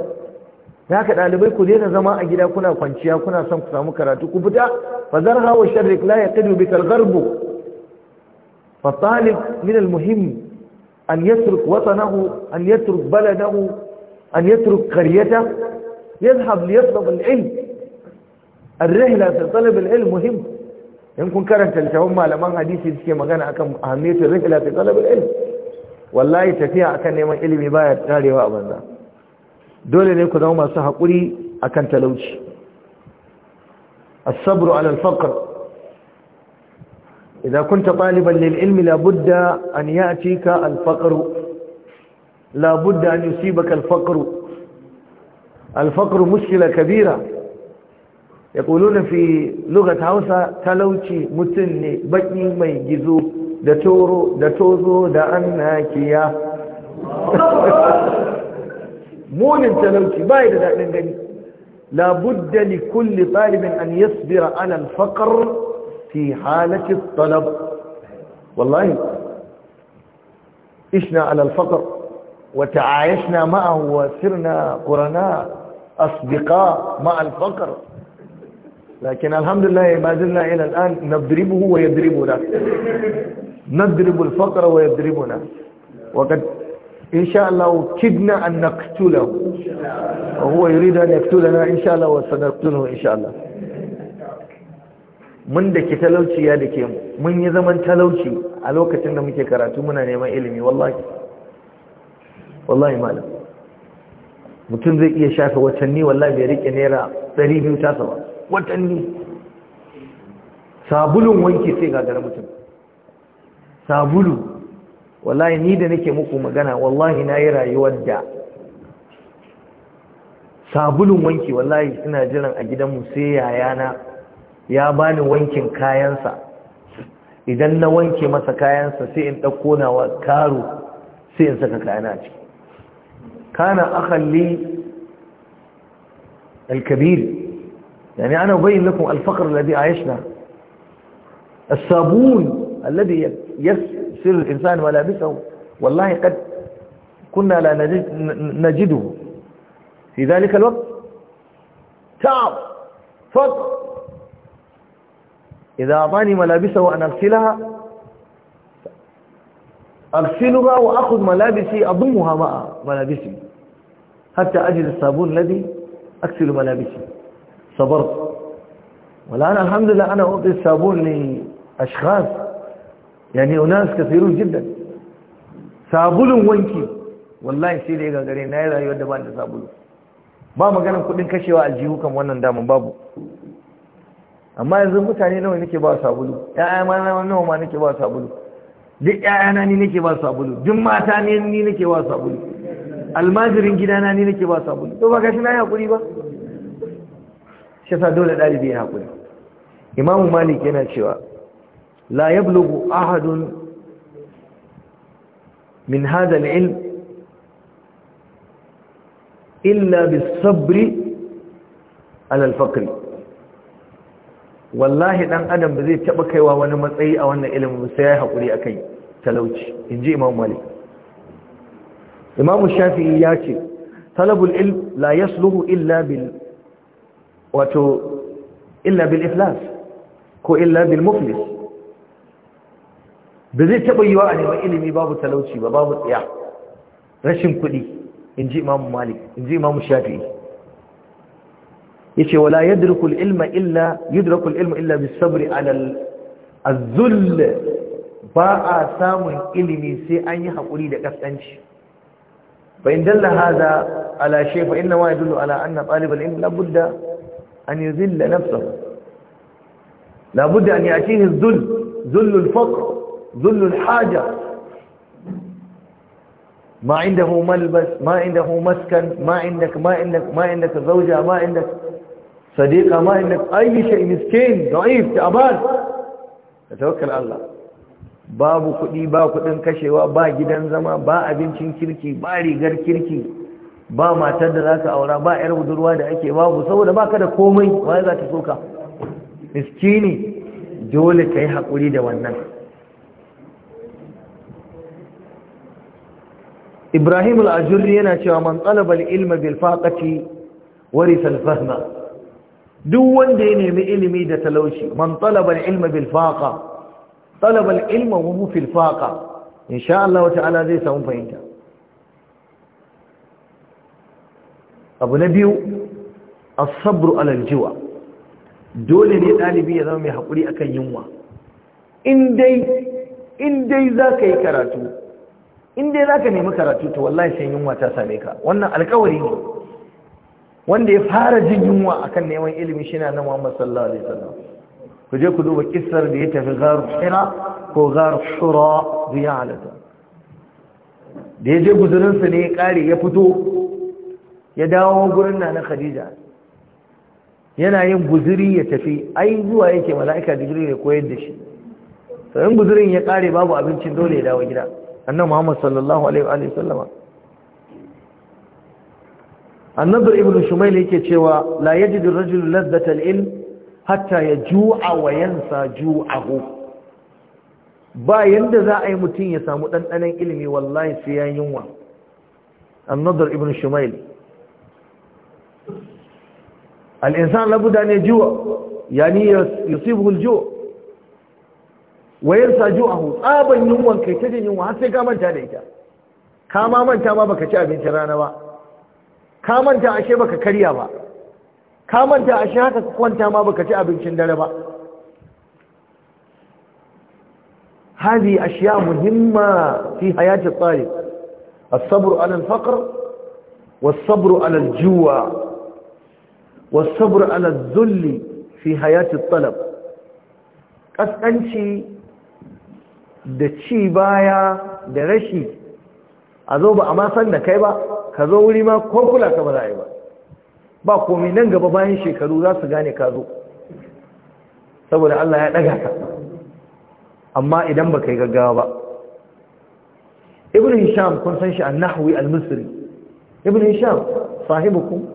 Speaker 2: haka ɗalibai ku daina zama a gida kuna kwanciya kuna son ku samu karatu ku fita fa zarha wa sharrik la yaqdu bi al-gharbu fa talib min al-muhim an yatruk watanahu an yatruk baladahu an yatruk qaryatahu يذهب ليطلب العلم الرحلة في طلب العلم مهم يمكن كانت تلتهم على من حديثي تسكي مغانا أكم أهمية الرحلة في طلب العلم والله كان أكن يمن علمي بايت نالي وابن ذا دولة نكون هما سحقوري أكن تلوش الصبر على الفقر إذا كنت طالبا للعلم لابد أن يأتيك الفقر لابد أن يصيبك الفقر الفقر مشكلة كبيرة يقولون في لغة هاوسا تلوشي متني بني ميجزو دتورو دتوزو دانا كيا مولن تلوشي بايدة دائما غني لابد لكل طالب أن يصبر على الفقر في حالة الطلب والله عشنا على الفقر وتعايشنا معه وصرنا قرناء أصدقاء مع الفقر لكن الحمد لله ما زلنا إلى الآن نضربه ويضربنا نضرب الفقر ويضربنا وقد إن شاء الله كدنا أن نقتله وهو يريد أن يقتلنا إن شاء الله وسنقتله إن شاء الله من da ke يا ya da ke mun yi zaman talauci a lokacin da muke karatu muna neman ilimi mutum zai iya shafe watanni wallahi bai rike naira 200 tasa ba watanni sabulun wanki sai gagara mutum sabulu wallahi ni da nake muku magana wallahi na yi rayuwar da sabulun wanki wallahi suna jiran a gidanmu sai yayana ya bani wankin kayansa idan na wanke masa kayansa sai in ɗauko nawa karo sai in saka kayana ciki كان أخا لي الكبير يعني أنا أبين لكم الفقر الذي عايشنا الصابون الذي يسر الإنسان ملابسه والله قد كنا لا نجده في ذلك الوقت تعب فقر إذا أعطاني ملابسه أن أغسلها أغسلها وأخذ ملابسي أضمها مع ملابسي حتى أجد الصابون الذي أكسل ملابسي صبرت والآن الحمد لله أنا أعطي الصابون لأشخاص يعني أناس كثيرون جدا صابون وينكي والله يسير إذا قرين نايدا يودى بانت صابون بابا مقانا كلين كشوا الجيهو كم وانا ندام بابا أما يزمو تاني نو نكي با صابون يا أما آية نو ما نكي با صابون دي آية أنا نكي با صابون دي نكي با صابون almajirin gidana ne nake ba sabulu to ba gashi na yi hakuri ba shi dole ɗalibi ya hakuri Imam malik yana cewa la yablughu ahadun min hadha al-ilm illa bis-sabri ala al-faqr wallahi dan adam ba zai taba kaiwa wani matsayi a wannan ilimin sai ya hakuri akai talauci inji Imam malik imamu shafi'i ya ce talabul ilm la yasluhu illa bil wato illa bil iflas ko illa bil muflis ba zai taɓa yiwa a neman ilimi babu talauci ba babu tsaya rashin kuɗi in ji imamu malik in ji imamu shafi'i yace wala yadrukul ilma illa yudrakul ilma illa bis sabri ala al zull ba a samun ilimi sai an yi haƙuri da ƙasƙanci فإن دل هذا على شيء فإنما يدل على أن طالب العلم لابد أن يذل نفسه لابد أن يأتيه الذل ذل الفقر ذل الحاجة ما عنده ملبس ما عنده مسكن ما عندك ما عندك ما عندك زوجة ما عندك صديقة ما عندك أي شيء مسكين ضعيف تعبان تتوكل على الله babu kuɗi ba kuɗin kashewa ba gidan zama ba abincin kirki ba rigar kirki ba matar da za ka aura ba 'yar budurwa da ake babu saboda ba ka da komai ba za ta soka miskini dole ka yi haƙuri da wannan ibrahim al'ajirri yana cewa man tsalabar ilma faƙaci wari salfahna duk wanda ya nemi ilimi da talauci man tsalabar ilma faƙa talabal ilmin wa mu fil faqa Allah ta'ala zai samu fahimta abu na biyu as-sabr ala dole ne ɗalibi ya zama mai hakuri akan yunwa in dai in dai zaka yi karatu in dai zaka nemi karatu to wallahi sai yunwa ta same ka wannan alƙawari ne wanda ya fara jin yunwa akan neman ilimi shi na Muhammad sallallahu alaihi wasallam ku je ku duba kisar da ya tafi garu hira ko garu shura ya halatta da ya je guzurinsa ne ya kare ya fito ya dawo gurin na na khadija yana yin guziri ya tafi ai zuwa yake mala'ika da digiri ya koyar da shi in guzurin ya kare babu abincin dole ya dawo gida annan muhammad sallallahu alaihi wa sallama annabar ibn shumayl yake cewa la yajidu rajulu ladzatal ilm hatta ya ju'a wa yansa ju'ahu ba yanda za a yi mutum ya samu ɗanɗanen ilimi wallahi sai ya yunwa annadar ibn shumail al'insan labuda ne juwa yani yusibu aljo wa yansa ju'ahu tsaban yunwan kai ta jin yunwa har sai ka manta da ita ka ma manta ma baka ci abincin rana ba ka manta ashe baka karya ba kamar ta a shi haka kwanta ma baka ci abincin dare ba hadi ashiya muhimma fi hayati talib هذه أشياء مهمة في حياة الطالب الصبر على الفقر والصبر على الجوع والصبر على الذل في حياة talab ƙasƙanci da ci baya da rashi a zo ba amma san da kai ba ka zo wuri ma ko kula ka ba za'i ba ba komai nan gaba bayan shekaru za su gane ka zo saboda Allah ya ɗaga ka amma idan ba kai gaggawa ba ibn hisham kun san shi an nahwi al-misri ibn hisham sahibukum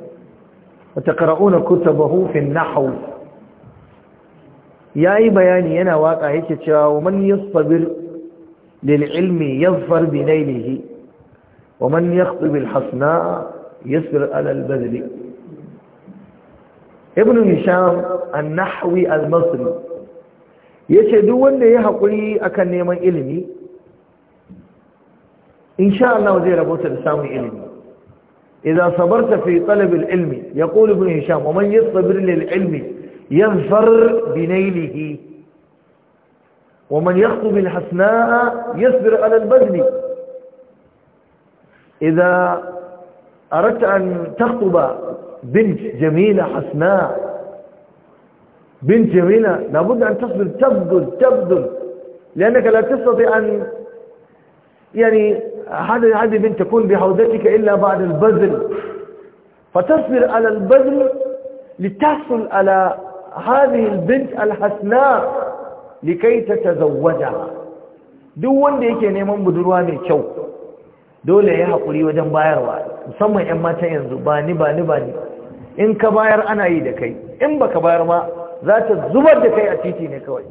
Speaker 2: wa taqra'una kutubahu fi an-nahw yayi bayani yana waka yake cewa man yasbir lil ilmi yazfar bi laylihi al-hasna yasbir ala al-badli ibn hisham an-nahwi al-masri yace duk wanda ya hakuri akan neman ilimi insha Allah zai rabota da samun ilimi idza sabarta fi talab al-ilmi yaqulu ibn hisham wa man yasbir lil-ilmi yanfar bi nailihi wa man yakhṭu bil hasna'a yasbir ala al-badli idza aradta an takhtuba بنت جميلة حسناء بنت جميلة لابد أن تصبر تبذل تبذل لأنك لا تستطيع أن يعني هذه هذه بنت تكون بحوزتك إلا بعد البذل فتصبر على البذل لتحصل على هذه البنت الحسناء لكي تتزوجها دون wanda yake neman budurwa dole ya hakuri wajen bayarwa musamman 'yan matan yanzu ba ni ba ni ba ni in ka bayar ana yi da kai in ba ka bayar ma za ta zubar da kai a titi ne kawai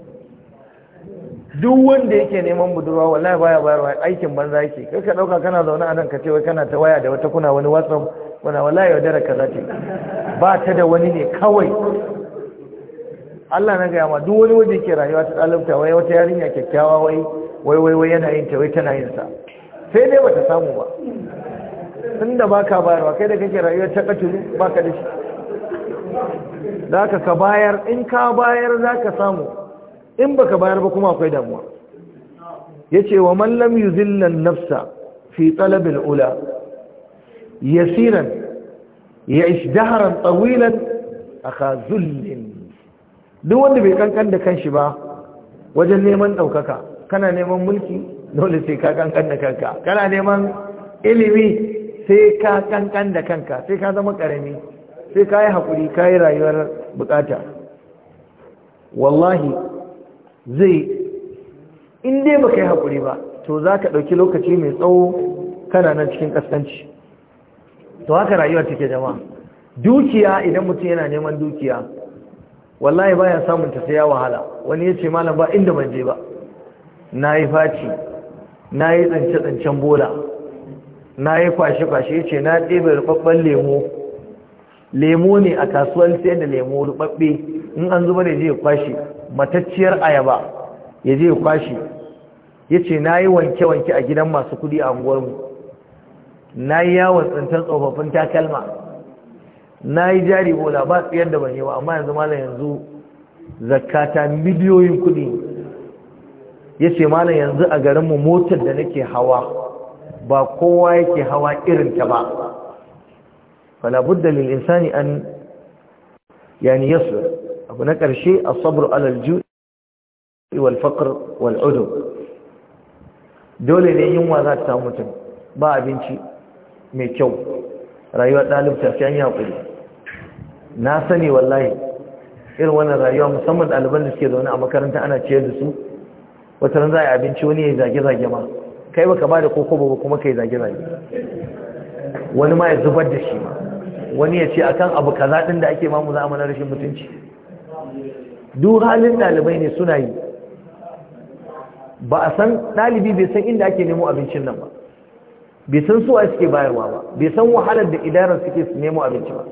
Speaker 2: duk wanda yake neman budurwa wallahi baya bayarwa aikin banza yake kai ka ɗauka kana zaune a nan ka ce wai kana ta waya da wata kuna wani whatsapp kuna wallahi yaudara ka kaza ce ba ta da wani ne kawai Allah na gaya ma duk wani wajen ke rayuwa ta ɗalibta wai wata yarinya kyakkyawa wai wai wai yana yin ta wai tana yin sa sai dai bata samu ba tun da ba ka bayarwa kai da kake rayuwar ta katuru ba ka da za ka bayar in ka bayar za ka samu in ba ka bayar ba kuma akwai damuwa ya ce wa mallam yi zillan nafsa fi talabin ula yasiran ya daharan tsawilan a ka zullin duk wanda bai kankan da kanshi ba wajen neman ɗaukaka kana neman mulki dole sai ka kankan da kanka kana neman ilimi sai ka kankan da kanka sai ka zama karami sai ka yi haƙuri ka yi rayuwar bukata wallahi zai in ba ka yi haƙuri ba to za ka ɗauki lokaci mai tsawo kana nan cikin ƙasƙanci to haka rayuwar take jama'a dukiya idan mutum yana neman dukiya wallahi baya samun ta sai ya wahala wani ya ce malam ba inda ban je ba na yi faci na yi tsance-tsancen bola na yi kwashe-kwashe ce na ɗebe rubabben lemo lemo ne a kasuwar sayar da lemo rubabbe in an zuba da je kwashe matacciyar ayaba ya je kwashe ya ce na yi wanke-wanke a gidan masu kudi a unguwarmu na yi yawon tsantar tsofaffin takalma na yi jari bola ba tsayar da ban yi ba amma yanzu malam yanzu zakata miliyoyin kudi ya ce malam yanzu a garinmu motar da nake hawa ba kowa yake hawa irinta ba falabudda lil insani an yani yasir abu na ƙarshe a sabr alal ju'i wal faqr dole ne yunwa za ta samu mutum ba abinci mai kyau rayuwar ɗalib sai ya yi na sani wallahi irin wannan rayuwa musamman ɗaliban da suke zaune a makaranta ana ciyar da su wata ran za a abinci wani ya zage-zage ma kai baka ba da koko ba kuma kai zage-zage
Speaker 1: wani ma ya zubar da shi ma
Speaker 2: wani ya ce akan abu kaza din da ake mamu zama rashin mutunci duk halin ɗalibai ne suna yi ba a san ɗalibi bai san inda ake nemo abincin nan ba bai san su a suke bayarwa ba bai san wahalar da idarar suke su nemo abinci ba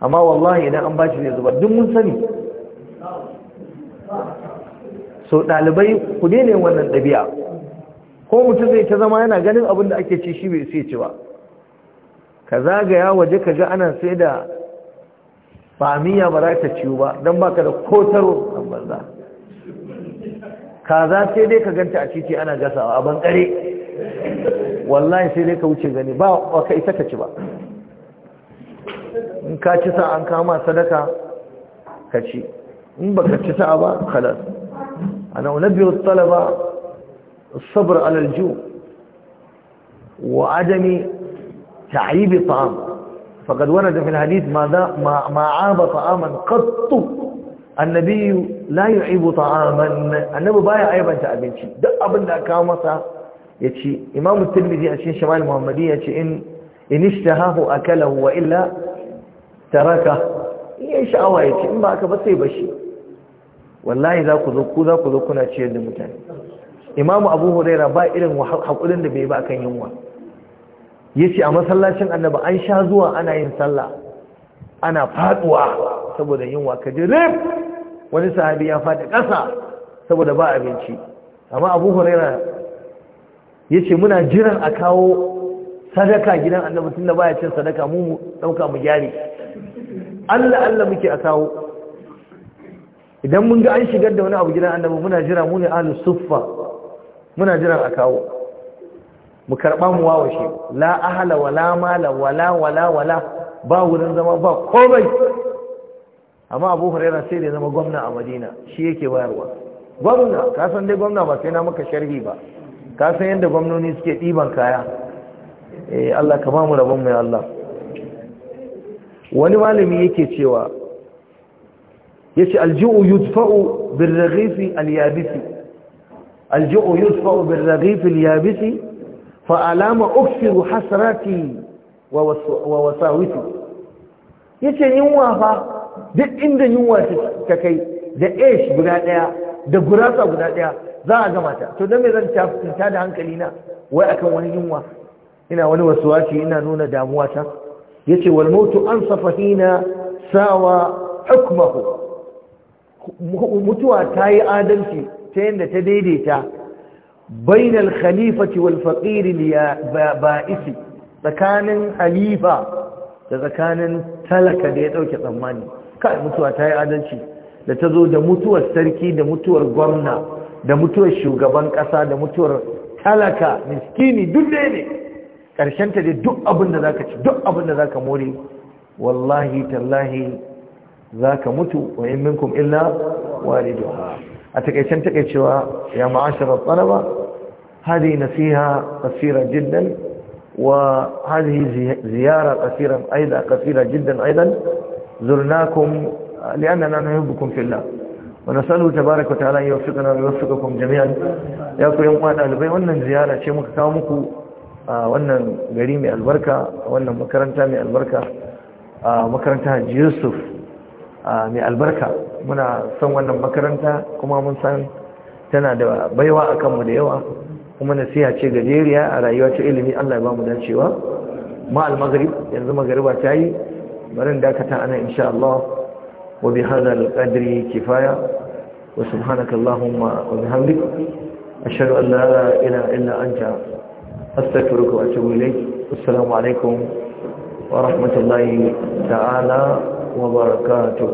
Speaker 2: amma wallahi idan an bashi zai zubar duk mun sani so dalibai ku daina wannan ɗabi'a ko mutum zai ta zama yana ganin abin da ake ci shi bai sai ci ba ka zagaya waje ka ga ana sai da famiya ba za ta ciwo ba don ba ka da kotaro an banza kaza sai dai ka ganta a titi ana gasawa a
Speaker 1: bangare
Speaker 2: wallahi sai dai ka wuce gani ba wa ka isa ka ci ba in ka ci sa an kama sadaka ka ci in baka ci sa ba kalas أنا أنبه الطلبة الصبر على الجوع وعدم تعيب الطعام فقد ورد في الحديث ما, ما, ما عاب طعاما قط النبي لا يعيب طعاما النبي بايع عيبا تأبنشي ده الله كامسا يتشي إمام الترمذي عشان شمال المحمدية إن إن اشتهاه أكله وإلا تركه إن شاء يتشي إما أكبر سيبشي wallahi za ku zo ku za ku zo kuna ciyar da mutane imamu abu huraira ba irin haƙurin da bai ba kan yunwa ya ce a masallacin annaba an sha zuwa ana yin sallah ana faduwa saboda yunwa ka ji rif wani sahabi ya faɗi ƙasa saboda ba abinci amma abu huraira ya ce muna jiran a kawo sadaka gidan annabi tun da baya cin sadaka mu ɗauka mu gyare allah allah muke a kawo idan mun ga an shigar da wani abu gidan annabi muna jira mu ne ahlus suffa muna jira a kawo mu karba mu wawashe la ahla wala mala wala wala wala ba wurin zama ba komai amma Abu Hurairah sai da zama gwamna a Madina shi yake wayarwa gwamna ka san dai gwamna ba sai na maka sharhi ba ka san yadda gwamnoni suke ɗiban kaya eh Allah ka ba mu rabon ya Allah wani malami yake cewa يأتي الجوء يدفأ بالرغيف اليابس الجوء يدفأ بالرغيف اليابس فألام أكثر حسراتي ووساوتي يأتي نوافا دي عند نوافا تكي إيش بغادية دي براسة بغادية ذا عزماتا تو دمي ذا تتادى عن كلينا وأكو وني نوافا إنا ونوا سواتي إنا نونا داموات يأتي والموت أنصف هنا ساوى حكمه mutuwa ta yi adalci ta yadda ta daidaita bainal khalifati wal faqiri ba'isi tsakanin halifa da tsakanin talaka da ya dauke tsammani kai mutuwa ta yi adalci da ta zo da mutuwar sarki da mutuwar gwamna da mutuwar shugaban kasa da mutuwar talaka miskini duk ɗaya ne dai duk abin da zaka ci duk abin da zaka more wallahi tallahi ذاك متو وإن منكم إلا والدها أتكيشن تكيشوا يا معاشر الطلبة هذه نسيها قصيرة جدا وهذه زيارة قصيرة أيضا قصيرة جدا أيضا زرناكم لأننا نحبكم في الله ونسأله تبارك وتعالى أن يوفقنا ويوفقكم جميعا يا أخو يوم أنا لبي وأن زيارة شيء مكتامك آه، وأن قريمي البركة وأن مكرنتا من البركة آه، مكرنتها يوسف mai albarka muna son wannan makaranta kuma mun san tana da baiwa a kanmu da yawa kuma nasiha ce gajeriya a rayuwa ta ilimi Allah ya ba mu dacewa Ma'al al yanzu magariba ta yi barin dakata ana insha Allah wa bi hadha al-qadri kifaya wa subhanaka allahumma wa bihamdik ashhadu an la ilaha illa anta astaghfiruka wa atubu ilayk assalamu alaikum wa rahmatullahi ta'ala wa barakatuh